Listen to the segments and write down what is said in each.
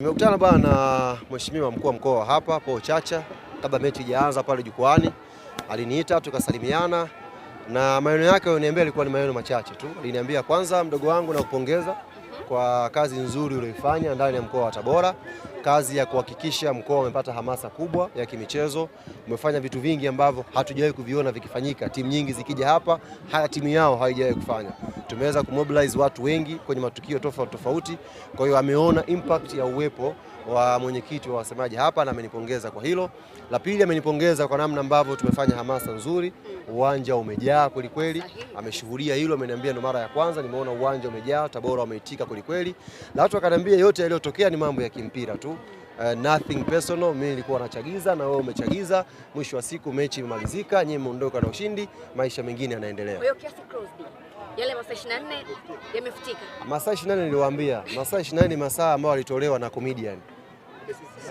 Nimekutana bwana na mheshimiwa mkuu wa mkoa hapa Paul Chacha kabla mechi ijaanza pale jukwani, aliniita tukasalimiana, na maneno yake aliniambia ilikuwa ni maneno machache tu. Aliniambia kwanza, mdogo wangu, na kupongeza kwa kazi nzuri uliyoifanya ndani ya mkoa wa Tabora, kazi ya kuhakikisha mkoa umepata hamasa kubwa ya kimichezo. Umefanya vitu vingi ambavyo hatujawahi kuviona vikifanyika, timu nyingi zikija hapa, haya timu yao haijawahi kufanya tumeweza kumobilize watu wengi kwenye matukio tofauti tofauti. Kwa hiyo ameona impact ya uwepo wa mwenyekiti wa wasemaji hapa na amenipongeza kwa hilo. La pili, amenipongeza kwa namna ambavyo tumefanya hamasa nzuri, uwanja umejaa kwelikweli, ameshuhudia hilo, ameniambia ndo mara ya kwanza nimeona uwanja umejaa, Tabora wameitika kwelikweli, na watu akaniambia yote yaliyotokea ni mambo ya kimpira tu. Uh, nothing personal. Mimi nilikuwa nachagiza na wewe umechagiza, mwisho wa siku mechi imemalizika, nyinyi mmeondoka na ushindi, maisha mengine yanaendelea yale masaa 24 yamefutika. Masaa 24 niliwaambia, masaa 24 ni masaa ambayo alitolewa na comedian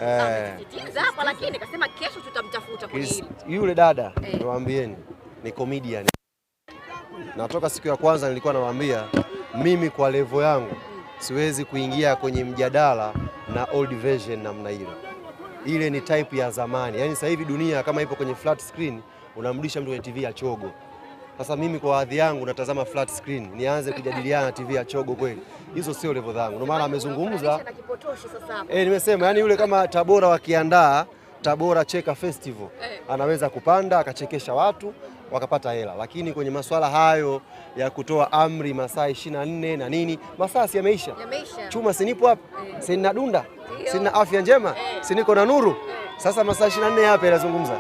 eh, hapa lakini akasema kesho tutamtafuta kwa hili. Yule dada eh, niwaambieni ni comedian. Natoka siku ya kwanza nilikuwa nawaambia mimi kwa levo yangu siwezi kuingia kwenye mjadala na old version namna ile. Ile ni type ya zamani, yaani sasa hivi dunia kama ipo kwenye flat screen unamrudisha mtu kwenye TV ya chogo. Sasa mimi kwa hadhi yangu natazama flat screen, nianze kujadiliana TV ya chogo kweli? Hizo sio level zangu. Ndio maana amezungumza eh, nimesema yani yule kama Tabora wakiandaa Tabora Cheka Festival eh. anaweza kupanda akachekesha watu wakapata hela, lakini kwenye masuala hayo ya kutoa amri masaa 24 na nini, masaa si yameisha? Yameisha. Chuma sinipo hapa, eh. sina dunda, sina afya njema, eh. siniko na nuru. Sasa masaa 24 hapa inazungumza